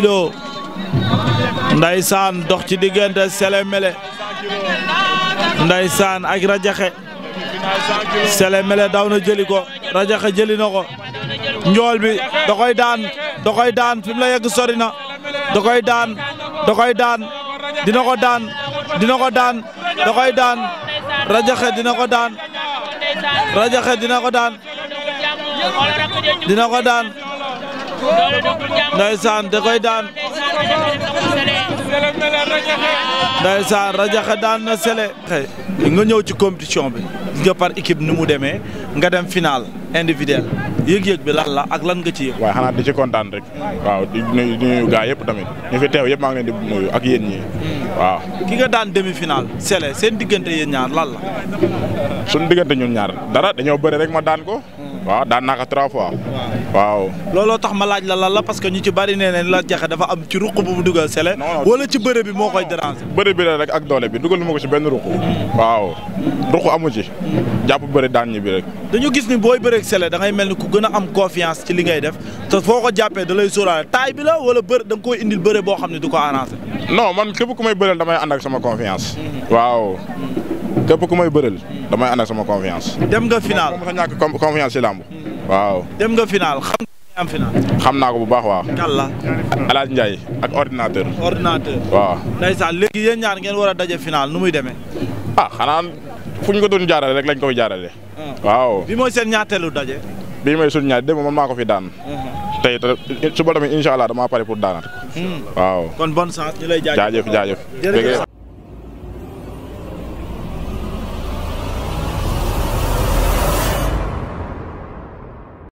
kilo ndaysaan dox ci diggante Selemele ndaysaan ak Rajaxe Selemele daw na jëli ko Rajaxe jëli na ko njool bi da koy daan da daan fi mu la yegg sori na da daan da koy daan dina ko daan dina ko daan da koy daan Rajaxe dina ko daan Rajaxe daan ndeysaan da koy daan ndeysaan rajaxe daan na sele nga ñëw ci compétition bi nga par équipe ni mu demee nga dem final individuel yëg-yëg bi lan la ak lan nga ci yëg waaw xanaa di ci kontaan rek waaw di nuyu gaa yëpp tamit ñu fi teew yëpp maa ngi leen di nuyu ak yéen ñi waaw. ki nga daan demi-finale Sélé seen diggante yéen ñaar lan la. suñu diggante ñun ñaar dara dañoo bëri rek ma daan ko. waaw daan naa ko trois waaw looloo tax ma laaj la lal la parce que ñu ci bari neeneen nañ la jaxe dafa am ci ruq bu mu dugal Sélé. wala ci bëre bi moo koy déranger. bëre bi la rek ak doole bi dugal ma ko ci benn ruq. waaw ruq amu ci. jàpp bëri daan ñi bi rek. dañu gis ni booy bëreeg Sélé da mel ni ku gën a am confiance ci li ngay def te foo ko jàppee da lay sóoraale taay bi la wala bëre da koy indil bëre boo xam ne du ko arrangé. non man képp ku may bëreel damay ànd ak sama confiance. waaw képp ku may bëreel damay ànd ak sama confiance. dem nga final ma ñàkk confiance ci làmb. waaw dem nga final xam nga am xam naa ko bu baax waaw. kàlla. El Hadj Ndiaye ak ordinateur. ordinateur waaw. ndeysaan léegi yéen ñaar ngeen war a daje finaal nu muy demee. ah xanaa fu ñu ko doon jaarale rek lañ koy jaarale. Ah. waaw bi mooy seen ñaateelu daje. bii mooy suñu ñaar démb man maa fi daan. Mhm. tey te suba tamit incha allah damaa pare pour daanaat ko. Hmm. waaw kon bonne chance ñu lay jaajëf